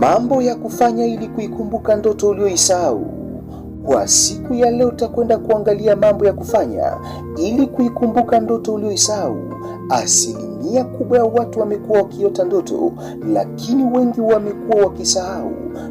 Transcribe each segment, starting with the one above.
mambo ya kufanya ili kuikumbuka ndoto uliyoisahau. Kwa siku ya leo utakwenda kuangalia mambo ya kufanya ili kuikumbuka ndoto ulioisahau. Asilimia kubwa ya watu wamekuwa wakiota ndoto, lakini wengi wamekuwa wakisahau,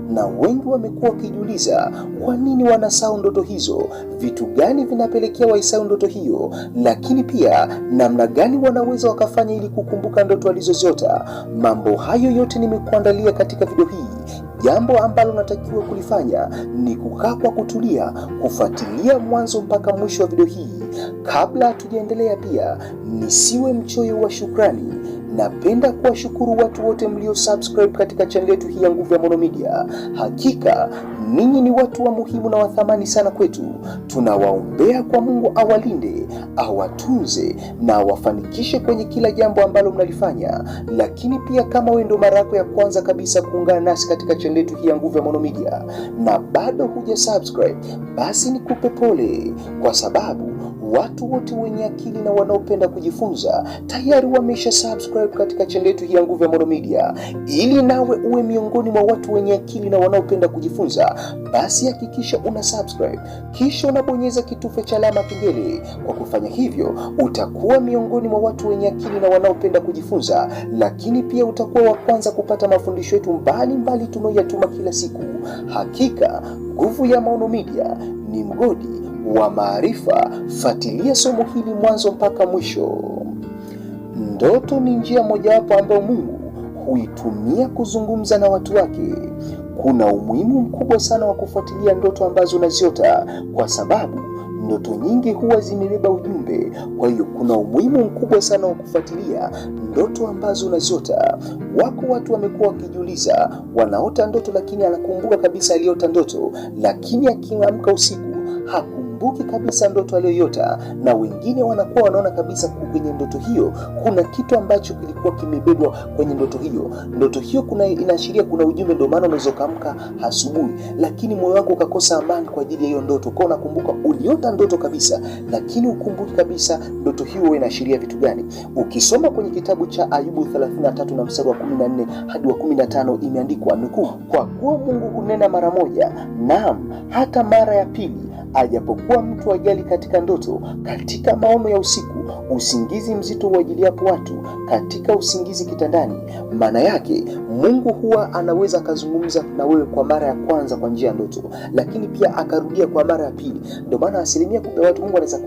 na wengi wamekuwa wakijiuliza kwa nini wanasahau ndoto hizo, vitu gani vinapelekea waisahau ndoto hiyo, lakini pia namna gani wanaweza wakafanya ili kukumbuka ndoto walizoziota. Mambo hayo yote nimekuandalia katika video hii. Jambo ambalo unatakiwa kulifanya ni kukaa kwa kutulia, kufuatilia mwanzo mpaka mwisho wa video hii. Kabla hatujaendelea, pia nisiwe mchoyo wa shukrani Napenda kuwashukuru watu wote mlio subscribe katika channel yetu hii ya Nguvu ya Maono Media. Hakika ninyi ni watu wa muhimu na wathamani sana kwetu. Tunawaombea kwa Mungu awalinde, awatunze na awafanikishe kwenye kila jambo ambalo mnalifanya. Lakini pia kama wewe ndo mara yako ya kwanza kabisa kuungana nasi katika channel yetu hii ya Nguvu ya Maono Media na bado huja subscribe, basi nikupe pole kwa sababu watu wote wenye akili na wanaopenda kujifunza tayari wameisha subscribe subscribe katika channel yetu hii ya Nguvu ya Maono Media, ili nawe uwe miongoni mwa watu wenye akili na wanaopenda kujifunza, basi hakikisha una subscribe kisha unabonyeza kitufe cha alama kengele. Kwa kufanya hivyo, utakuwa miongoni mwa watu wenye akili na wanaopenda kujifunza, lakini pia utakuwa wa kwanza kupata mafundisho yetu mbalimbali tunayoyatuma kila siku. Hakika Nguvu ya Maono Media ni mgodi wa maarifa. Fuatilia somo hili mwanzo mpaka mwisho. Ndoto ni njia mojawapo ambayo Mungu huitumia kuzungumza na watu wake. Kuna umuhimu mkubwa sana wa kufuatilia ndoto ambazo unaziota kwa sababu ndoto nyingi huwa zimebeba ujumbe. Kwa hiyo kuna umuhimu mkubwa sana wa kufuatilia ndoto ambazo unaziota. Wako watu wamekuwa wakijiuliza, wanaota ndoto lakini anakumbuka kabisa aliota ndoto, lakini akiamka usiku haku hawakumbuki kabisa ndoto aliyoyota, na wengine wanakuwa wanaona kabisa kwenye ndoto hiyo kuna kitu ambacho kilikuwa kimebebwa kwenye ndoto hiyo. Ndoto hiyo kuna inaashiria kuna ujumbe, ndio maana unaweza ukaamka asubuhi, lakini moyo wako ukakosa amani kwa ajili ya hiyo ndoto. Kwa unakumbuka uliota ndoto kabisa, lakini ukumbuki kabisa ndoto hiyo inaashiria vitu gani. Ukisoma kwenye kitabu cha Ayubu 33 na mstari wa 14 hadi wa 15, imeandikwa nukuu, kwa kuwa Mungu hunena mara moja, naam hata mara ya pili ajapokuwa mtu ajali katika ndoto, katika maono ya usiku, usingizi mzito uajiliapo watu, katika usingizi kitandani. Maana yake Mungu huwa anaweza akazungumza na wewe kwa mara ya kwanza kwa njia ya ndoto, lakini pia akarudia kwa mara ya pili. Ndio maana asilimia kubwa ya watu Mungu anaweza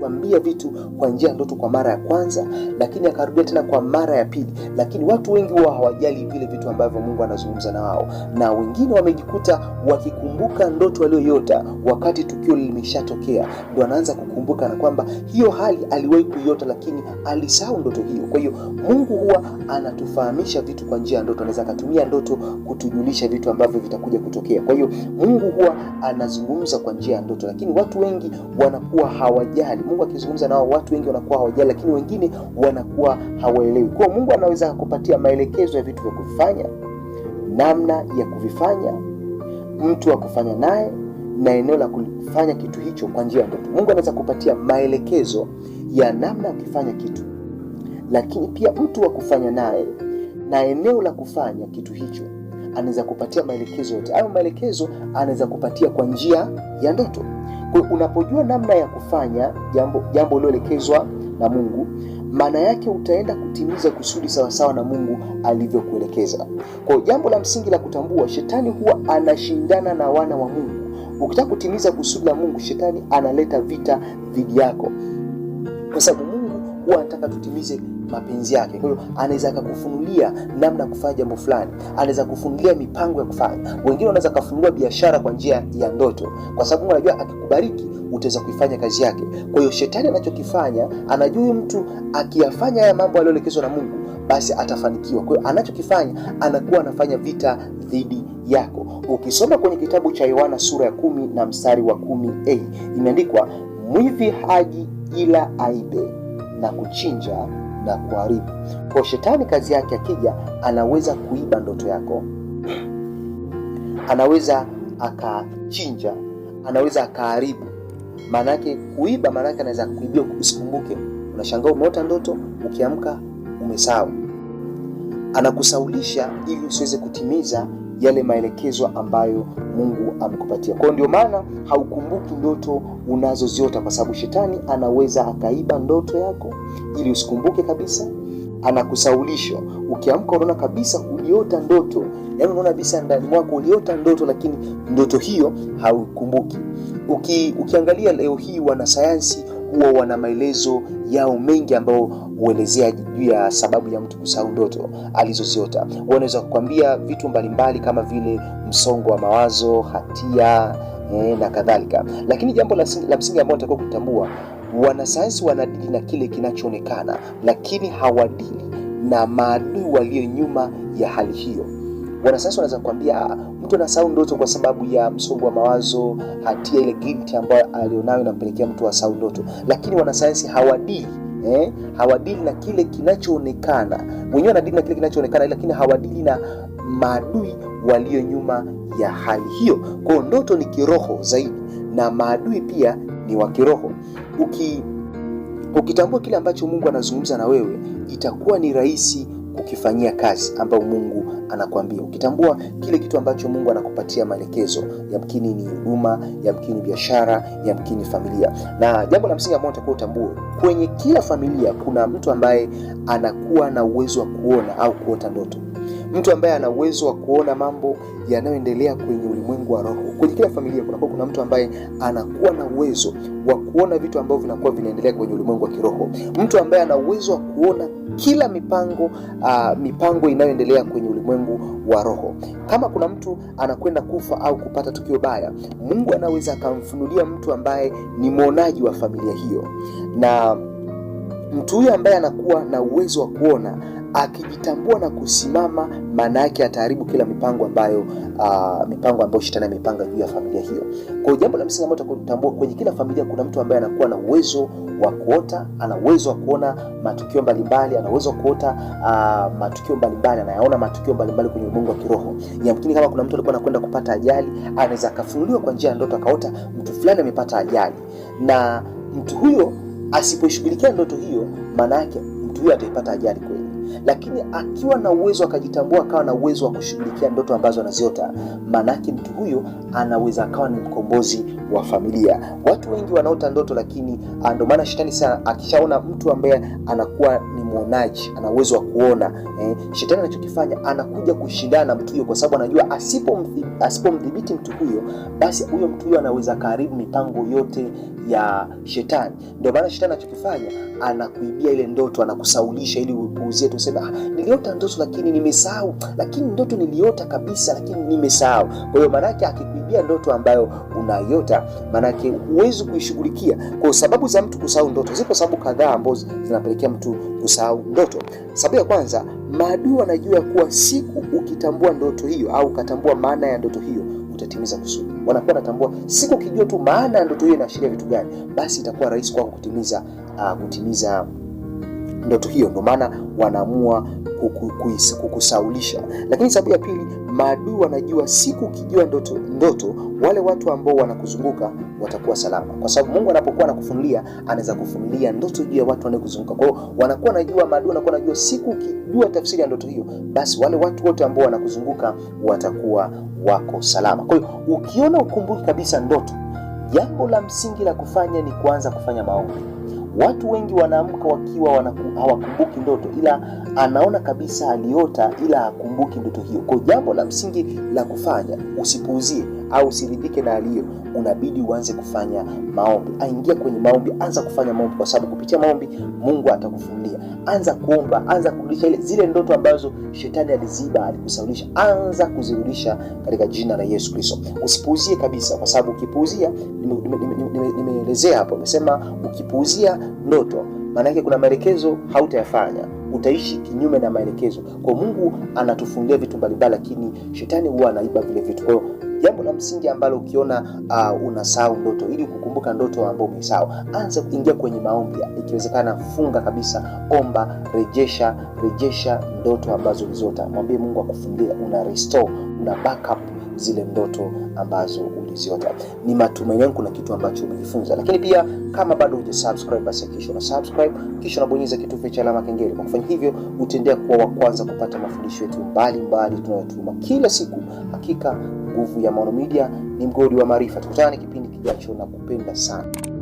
kuambia vitu kwa njia ya ndoto kwa mara ya kwanza, lakini akarudia tena kwa mara ya pili. Lakini watu wengi huwa hawajali vile vitu ambavyo Mungu anazungumza na wao, na wengine wamejikuta wakiku kukumbuka ndoto aliyoyota wakati tukio limeshatokea, ndo anaanza kukumbuka na kwamba hiyo hali aliwahi kuiota, lakini alisahau ndoto hiyo. Kwa hiyo Mungu huwa anatufahamisha vitu kwa njia ya ndoto, anaweza akatumia ndoto kutujulisha vitu ambavyo vitakuja kutokea. Kwa hiyo Mungu huwa anazungumza kwa njia ya ndoto, lakini watu wengi wanakuwa hawajali. Mungu akizungumza nao watu wengi wanakuwa hawajali, lakini wengine wanakuwa hawaelewi. Kwa Mungu anaweza kupatia maelekezo ya vitu vya kufanya, namna ya kuvifanya mtu wa kufanya naye na eneo la kufanya kitu hicho kwa njia ya ndoto. Mungu anaweza kupatia maelekezo ya namna ya kufanya kitu, lakini pia mtu wa kufanya naye na eneo la kufanya kitu hicho anaweza kupatia maelekezo yote. Hayo maelekezo anaweza kupatia kwa njia ya ndoto. Kwa unapojua namna ya kufanya jambo jambo na Mungu maana yake utaenda kutimiza kusudi sawasawa na Mungu alivyokuelekeza. Kwa jambo la msingi la kutambua, shetani huwa anashindana na wana wa Mungu. Ukitaka kutimiza kusudi la Mungu, shetani analeta vita dhidi yako, kwa sababu Mungu huwa anataka tutimize mapenzi yake. Kwa hiyo anaweza akakufunulia namna ya kufanya jambo fulani, anaweza kufunulia mipango ya kufanya. Wengine wanaweza kufunua biashara kwa njia ya ndoto, kwa sababu anajua akikubariki utaweza kuifanya kazi yake. Kwa hiyo shetani anachokifanya, anajua huyu mtu akiyafanya haya mambo aliyoelekezwa na Mungu basi atafanikiwa. Kwa hiyo anachokifanya, anakuwa anafanya vita dhidi yako. Ukisoma kwenye kitabu cha Yohana sura ya kumi na mstari wa kumi a hey, imeandikwa mwivi haji ila aibe na kuchinja na kuharibu. Kwa shetani kazi yake akija, anaweza kuiba ndoto yako, anaweza akachinja, anaweza akaharibu. Maanake kuiba, maanake anaweza kuibia usikumbuke. Unashangaa umeota ndoto, ukiamka umesahau. Anakusaulisha ili usiweze kutimiza yale maelekezo ambayo Mungu amekupatia. Kwa ndio maana haukumbuki ndoto unazoziota, kwa sababu shetani anaweza akaiba ndoto yako ili usikumbuke kabisa anakusaulisha ukiamka, unaona kabisa uliota ndoto, yaani unaona kabisa ndani mwako uliota ndoto, lakini ndoto hiyo haukumbuki. Uki, ukiangalia leo hii wanasayansi huwa wana maelezo yao mengi ambayo huelezea juu ya sababu ya mtu kusahau ndoto alizoziota. Wanaweza kukwambia vitu mbalimbali kama vile msongo wa mawazo, hatia eh, na kadhalika. Lakini jambo la msingi ambao natakiwa kutambua, wanasayansi wanadili na kile kinachoonekana, lakini hawadili na maadui walio nyuma ya hali hiyo. Wanasayansi wanaweza kukwambia ah, mtu anasahau ndoto kwa sababu ya msongo wa mawazo, hatia ile guilt ambayo alionayo inampelekea mtu asahau ndoto, lakini wanasayansi hawadili Eh, hawadili na kile kinachoonekana. Wenyewe wanadili na kile kinachoonekana, lakini hawadili na maadui walio nyuma ya hali hiyo. Kwa ndoto ni kiroho zaidi, na maadui pia ni wa kiroho. Uki, ukitambua kile ambacho Mungu anazungumza na wewe, itakuwa ni rahisi kukifanyia kazi ambayo Mungu anakuambia. Ukitambua kile kitu ambacho Mungu anakupatia maelekezo, yamkini ni huduma, yamkini biashara, yamkini familia. Na jambo la msingi ambalo utakuwa utambue, kwenye kila familia kuna mtu ambaye anakuwa na uwezo wa kuona au kuota ndoto mtu ambaye ana uwezo wa kuona mambo yanayoendelea kwenye ulimwengu wa roho. Kwenye kila familia kunakuwa kuna mtu ambaye anakuwa na uwezo wa kuona vitu ambavyo vinakuwa vinaendelea kwenye ulimwengu wa kiroho, mtu ambaye ana uwezo wa kuona kila mipango uh, mipango inayoendelea kwenye ulimwengu wa roho. Kama kuna mtu anakwenda kufa au kupata tukio baya, Mungu anaweza akamfunulia mtu ambaye ni mwonaji wa familia hiyo, na mtu huyo ambaye anakuwa na uwezo wa kuona akijitambua na kusimama, maana yake ataharibu kila mipango ambayo uh, mipango ambayo shetani amepanga juu ya familia hiyo. Kwa hiyo jambo la msingi ambalo tutakutambua, kwenye kila familia kuna mtu ambaye anakuwa na uwezo wa kuota, ana uwezo wa kuona matukio mbalimbali, ana uwezo wa kuota uh, matukio mbalimbali, anayaona matukio mbalimbali kwenye ulimwengu wa kiroho. Yamkini kama kuna mtu alikuwa anakwenda kupata ajali, anaweza akafunuliwa kwa njia ya ndoto, akaota mtu fulani amepata ajali, na mtu huyo asipoishughulikia ndoto hiyo, maana yake mtu huyo ataipata ajali kweli lakini akiwa na uwezo akajitambua, akawa na uwezo wa kushughulikia ndoto ambazo anaziota, maanaake mtu huyo anaweza akawa ni mkombozi wa familia. Watu wengi wanaota ndoto, lakini ah, ndio maana shetani sana akishaona mtu ambaye anakuwa ni mwonaji, ana uwezo wa kuona eh. Shetani anachokifanya anakuja kushindana na mtu huyo, kwa sababu anajua asipomdhibiti asipo mtu huyo, basi huyo mtu huyo anaweza karibu mipango yote ya shetani. Ndio maana shetani anachokifanya anakuibia ile ndoto, anakusaulisha ili upuuzie tuseme ah, niliota ndoto lakini nimesahau, lakini ndoto niliota kabisa, lakini nimesahau. Kwa hiyo maanake akikuibia ndoto ambayo unaiota, maanake huwezi kuishughulikia. Kwa sababu za mtu kusahau ndoto, zipo sababu kadhaa ambazo zinapelekea mtu kusahau kusahau ndoto. Sababu ya kwanza, maadui wanajua kuwa siku ukitambua ndoto hiyo au ukatambua maana ya ndoto hiyo utatimiza kusudi. Wanakuwa natambua siku ukijua tu maana ya ndoto hiyo inaashiria vitu gani, basi itakuwa rahisi kwako kutimiza uh, kutimiza ndoto hiyo, ndio maana wanaamua kukusaulisha. Lakini sababu ya pili, maadui wanajua siku ukijua ndoto, ndoto wale watu ambao wanakuzunguka watakuwa salama, kwa sababu Mungu anapokuwa anakufunulia anaweza kufunulia ndoto juu ya watu wanaokuzunguka. Kwa hiyo wanakuwa najua, maadui wanakuwa najua siku ukijua tafsiri ya ndoto hiyo, basi wale watu wote ambao wanakuzunguka watakuwa wako salama. Kwa hiyo ukiona ukumbuki kabisa ndoto, jambo la msingi la kufanya ni kuanza kufanya maombi. Watu wengi wanaamka wakiwa hawakumbuki ndoto, ila anaona kabisa aliota, ila akumbuki ndoto hiyo. Kwa jambo la msingi la kufanya, usipuuzie au usiridhike na aliyo, unabidi uanze kufanya maombi. Aingia kwenye maombi, anza kufanya maombi, kwa sababu kupitia maombi Mungu atakufunulia. Anza kuomba, anza kurudisha zile ndoto ambazo shetani aliziba, alikusaulisha, anza kuzirudisha katika jina la Yesu Kristo. Usipuuzie kabisa, kwa sababu ukipuuzia, nimeelezea hapo, nimesema ukipuuzia ndoto maana yake kuna maelekezo hautayafanya, utaishi kinyume na maelekezo. Kwa Mungu anatufundia vitu mbalimbali, lakini shetani huwa anaiba vile vitu. Kwa jambo la msingi ambalo ukiona uh, unasahau ndoto, ili kukumbuka ndoto ambayo umesahau, anza kuingia kwenye maombi. Ikiwezekana funga kabisa, omba, rejesha rejesha ndoto ambazo ulizota mwambie Mungu akufungulie, una restore, una backup zile ndoto ambazo uliziota. Ni matumaini yangu kuna kitu ambacho umejifunza, lakini pia kama bado hujasubscribe, basi hakikisha una subscribe kisha unabonyeza kitufe cha alama kengele. Kwa kufanya hivyo, utaendelea kuwa wa kwanza kupata mafundisho yetu mbalimbali tunayotuma kila siku. Hakika Nguvu ya Maono Media ni mgodi wa maarifa. Tukutane kipindi kijacho na kupenda sana.